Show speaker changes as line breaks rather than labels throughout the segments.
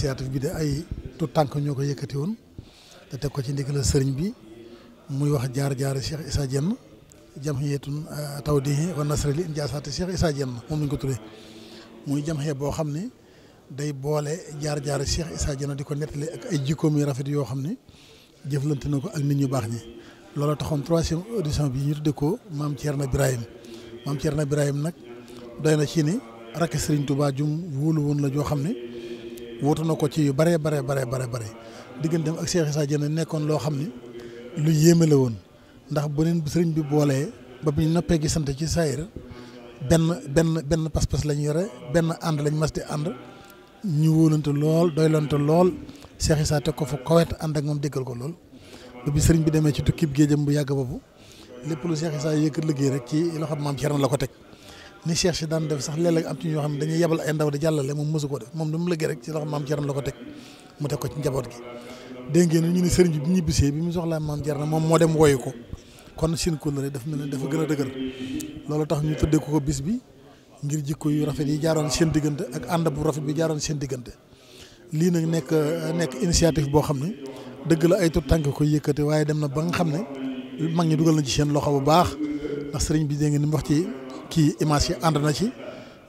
initiative bi de ay
tout tànk ñoo ko yëkkati woon te teg ko ci ndigal sëriñ bi muy wax jaar-jaar Cheikh Issa Diène jamhiyatun euh, tawdihi wa nasri li injaasaati Cheikh Issa Diène moom lañ ko tuddee muy jamhiya boo xam ne day boole jaar-jaar Cheikh Issa Diène di ko nettali ak ay jikkoom yu rafet yoo xam ne jëflante na ko ak nit ñu baax ñi. loolu taxoon troisième audition bi ñu tuddee ko maam Thierno Ibrahim maam Thierno Ibrahim nag doy na ci ni rakk Serigne Touba joo xam ne. wutu na ko ci yu bare bare bare bare bare digganteem ak Cheikh Issa Diène nekkoon loo xam ni lu yéeme la woon ndax bu leen sëriñ bi boolee ba bu ñu noppee gisante ci saayir benn benn benn pas-pas lañu yore benn ànd lañ mas di ànd ñu wóolante lool doylante lool Cheikh Issa ko fu kawet ànd ak moom déggal ko lool ba bi sëriñ bi demee ci tukki tukkib géejam bu yàgg boobu lépp lu Cheikh Issa yëkkat liggéey rek ci loxo maam Thierno la ko teg. ni Cheikh si daan def sax léeg-léeg am ci ñoo xam ne dañuy yebal ay ndaw di jàllale moom mosu ko def moom du mu liggéey rek ci loxo maam Thierno la ko teg mu teg ko ci njaboot gi dégg ngeen ñu ne sëriñ bi bi ñibbisee bi mu soxlaa maam Thierno moom moo dem woyu kon seen kóllëre daf mel ne gën a dëgër loolu tax ñu bis bi ngir jikko rafet yi jaaroon seen diggante ak ànd bu rafet bi jaaroon seen diggante lii nag nekk nekk initiative boo xam ne dëgg la ay tur tànk ko yëkkate waaye dem na ba nga xam ne mag ñi dugal na ci seen loxo bu baax ndax sëriñ bi dégg ni mu wax ci kii image yi na ci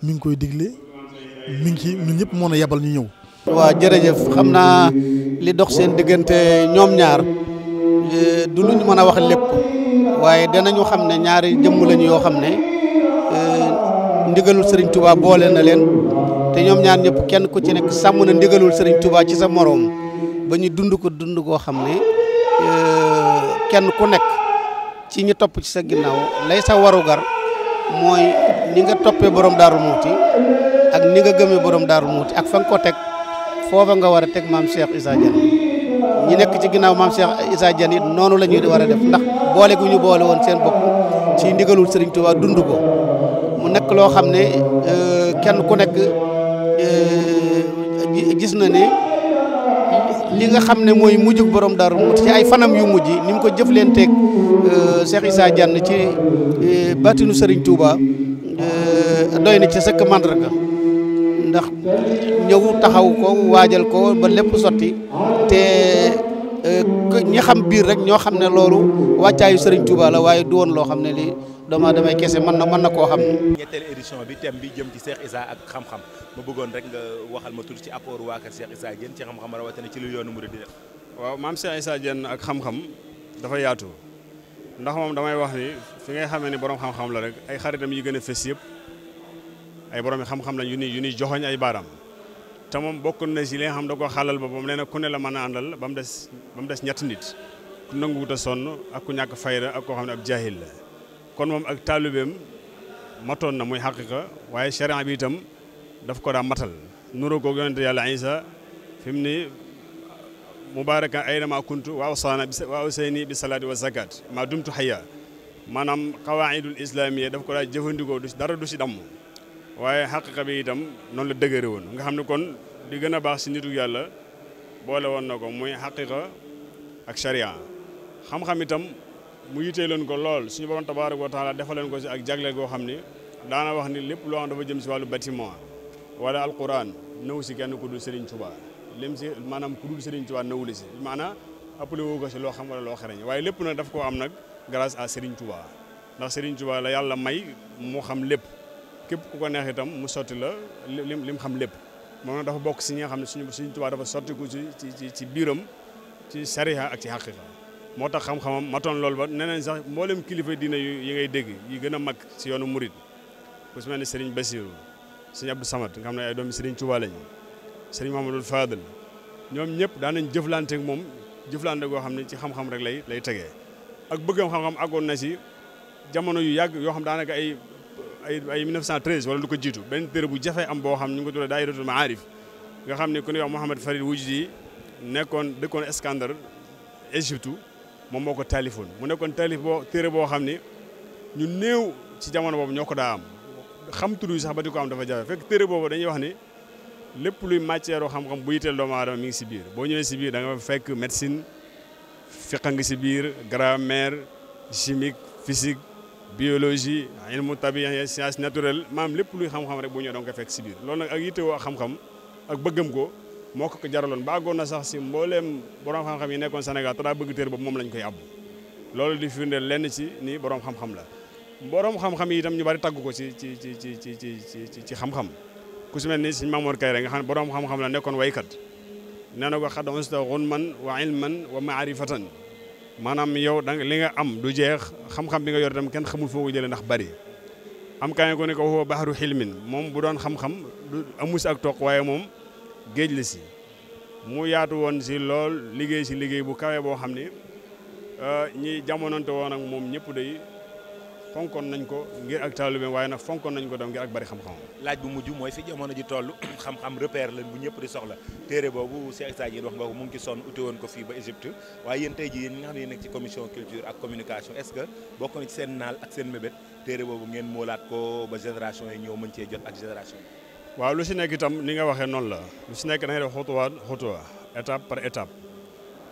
mi ngi koy digle mi ngi ci ñun ñëpp moo a yebal ñu
ñëw. waa jërëjëf xam naa li dox seen diggante ñoom ñaar eh, du luñ mën a wax lépp waaye danañu xam ne ñaari jëmm lañu yoo xam ne eh, ndigalul sëriñ Touba boole na leen te ñoom ñaar ñëpp kenn ku ci nekk sàmm na ndigalul sëriñ Touba ci sa moroom ba ñu dund ko dund koo xam ne eh, kenn ku nekk ci ñu topp ci sa ginnaaw lay sa warugar. mooy ni nga toppee borom daaru muuti ak ni nga gëmee borom daaru muuti ak fan ko teg foofa nga war a teg maam Cheikh Issa Diagne ñi nekk ci ginnaaw maam Cheikh Issa noonu la ñuy war a def ndax boole gu ñu boole woon seen bopp ci ndigalul Serigne waa dund ko mu nekk loo xam ne euh, kenn ku nekk euh, gis na ne. li nga xam ne mooy mujj borom Daaru ci ay fanam yu mujj ni mu ko jëflanteeg euh, Cheikh Issa Diagne ci euh, batinu Serigne Touba euh, doy na ci sëkk màndarga ndax ñëw taxaw ko waajal ko ba lépp sotti te ñi xam biir rek ñoo xam ne loolu wàccaayu sëriñ Touba la waaye du woon loo xam ne lii. dama damay kese mën na mën na koo xam.
ñetteelu édition bi thème bi jëm ci Cheikh Issa ak xam-xam ma bëggoon rek nga waxal ma tudd ci
apport waa kër Cheikh Issa Diène ci xam-xam rawatina ci lu yoonu murid di def. waaw maam Cheikh Issa Diène ak xam-xam dafa ndax moom damay wax ni fi ngay xamee ni borom xam-xam la rek ay xaritam yi gën a fës yëpp ay borom xam-xam lañ yu ni yu ni joxoñ ay baaraam te moom bokk na si li nga xam da koo xalal boppam nee na ku ne la mën a àndal ba mu des ba mu des ñetti nit ku nanguwut sonn ak ku ñàkk fayda ak koo xam ne ab jaahil la kon moom ak taalibeem matoon na muy xaqiqa waaye sharia bi itam daf ko daa matal nuru ko yonente yàlla isa fi mu ni mubaarakan aynama kuntu wa awsaana wa awsayni bi salaati wa zakat ma dumtu xaya maanaam xawaidul islamiya daf ko daa jëfandikoo du dara du si damm waaye xaqiqa bi itam noonu la dëgëre woon nga xam ne kon di gën a baax si nitu yàlla boole woon na ko muy xaqiqa ak sharia xam-xam itam mu yitee leen ko lool suñu borom tabaaraka wa taala defal leen ko si ak jagleel goo xam ni daana wax ni lépp loo xam dafa jëm si wàllu bâtiment wala alquran nëw si kenn ku dul Serigne Touba lim si maanaam ku dul Serigne Touba nëwuli si maanaam appelé woo ko si loo xam wala loo xereñ waaye lépp nag daf ko am nag grâce à Serigne Touba ndax Serigne Touba la yàlla may mu xam lépp képp ku ko neex itam mu sotti la lim lim xam lépp moom dafa bokk si ñi nga xam ne suñu Serigne Touba dafa sotti ko ci ci ci biiram ci sariha ak ci xaqiqa moo tax xam-xamam matoon loolu ba nee nañ sax mboolem kilifa diina yi ngay dégg yi gën a mag si yoonu murit ku si mel ni Serigne Bassirou Serigne Abdou Samad nga xam ne ay doomi Serigne Touba lañ Serigne Mahamadou Fadal ñoom ñëpp daan nañ jëflante moom jëflante goo xam ne ci xam rek lay lay tegee ak bëggam xam-xam àggoon na si jamono yu yàgg yoo xam daanaka ay ay ay 1913 wala lu ko jiitu benn téere bu jafee am boo xam ñu ngi ko tuddee daayiratul maarif nga xam ne ku ñuy wax Mouhamed Farid Wujdi nekkoon dëkkoon Iskandar Égypte moom moo ko taalifoon mu nekkoon taalif boo téere boo xam ne ñu néew ci jamono boobu ñoo ko daa am xam tudd sax ba di ko am dafa jafe fekk téere boobu dañuy wax ni lépp luy matière oo xam-xam bu yitteel doomu aadama mi ngi si biir boo ñëwee si biir da nga fekk médecine fiq a ngi si biir grammaire chimique physique biologie ilmu tabiya science naturelle maam lépp luy xam-xam rek boo ñëwee da nga ko fekk si biir loolu nag ak yittewoo xam-xam ak bëggam ko moo ko jaraloon baagoon na sax si mbooleem borom xam-xam yi nekkoon Sénégal te daa bëgg téere boobu moom lañ koy àbb loolu di firndeel lenn ci ni borom xam-xam la borom xam-xam yi ñu bari tagg ko ci ci ci ci ci ci ci xam-xam ku si mel ni Sëñ Mamoor Kayre xam ne borom xam-xam la nekkoon waykat nee na ko xad usta man wa ilman wa maarifatan maanaam yow da li nga am du jeex xam-xam bi nga yor itam kenn xamul foo ko jëlee ndax bari am kaay ko ne ko waxoo baxaru xilmin moom bu doon xam-xam du amus ak toog waaye moom géej la si mu yaatu woon si lool liggéey si liggéey bu kawe boo xam ne euh, ñi jamonante woon ak moom ñëpp day fonkoon nañ ko ngir ak taalibe waaye nag fonkoon nañ ko dem ngir ak bari xam-xam.
laaj bu mujj mooy fi jamono ji toll xam-xam repère la bu ñëpp di soxla téere boobu Cheikh Sadji wax nga ko mu ngi ci sonn uti woon ko fii ba Égypte waaye yéen tey ji yéen ñi nga xam ne yéen nekk ci commission culture ak communication est-ce que bokk na ci seen naal ak seen mébét boobu ngeen moolaat ko ba génération yi ñëw mën cee jot ak génération yi.
waaw lu si nekk itam ni nga waxee noonu la lu si nekk da ngay def xutuwaat xutuwa étape par étape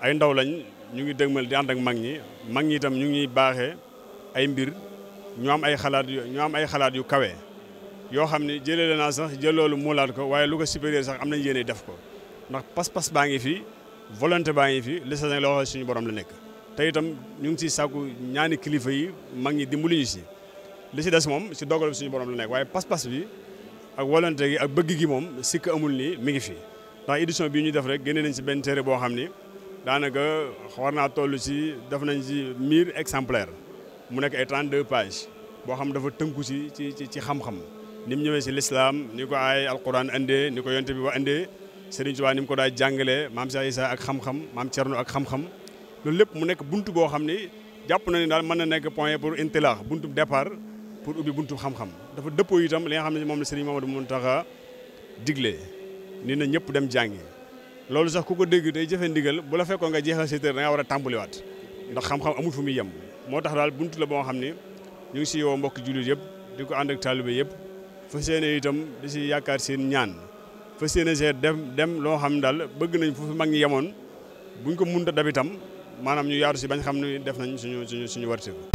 ay ndaw lañ ñu ngi dégmal di ànd ak mag ñi mag ñi itam ñu ngi baaxee ay mbir ñu am ay xalaat yu ñu am ay xalaat yu kawe yoo xam ne jëlee la naa sax jël loolu muulaat ko waaye lu ko supérieur sax am nañ yéene def ko ndax pas-pas baa ngi fi volonté baa ngi fi li sax la waxee suñu borom la nekk. te itam ñu ngi ciy sàkku ñaani kilifa yi mag ñi dimbali ñu si li si des moom si dogal suñu borom la nekk waaye pas-pas bi. ak volonté gi ak bëgg gi moom sikk amul ni mi ngi fi ndax édition bii ñu def rek génne nañ si benn téere boo xam ni daanaka war naa toll si def nañ si mille exemplaires mu nekk ay 32 page boo xam dafa tënku si ci ci xam-xam ni mu ñëwee si lislaam ni ko ay alquran andee ni ko yonte bi wa andee Serigne Touba ni mu ko daa jàngalee maam Cheikh Issa ak xam-xam maam Thierno ak xam-xam loolu lépp mu nekk bunt boo xam ni jàpp nañu ni daal mën na nekk point pour intilaax buntu départ pour ubbi buntu xam-xam dafa dëppoo itam li nga xam ne moom la Serigne Mamadou Mountakha digle ni na ñëpp dem jàngi loolu sax ku ko dégg tey jëfe ndigal bu la fekkoon nga jeexal sa tër da nga war a tàmbaliwaat ndax xam-xam amul fu muy yem moo tax daal buntu la boo xam ne ñu ngi si yow mbokk jullit yëpp di ko ànd ak taalibe yëpp fas yéene itam di si yaakaar seen ñaan fas yéene see dem dem loo xam ne daal bëgg nañ fu fi mag ñi yemoon bu ñu ko mun munta dab itam maanaam ñu yaaru si bañ xam ne def nañ suñu suñu suñu warteeku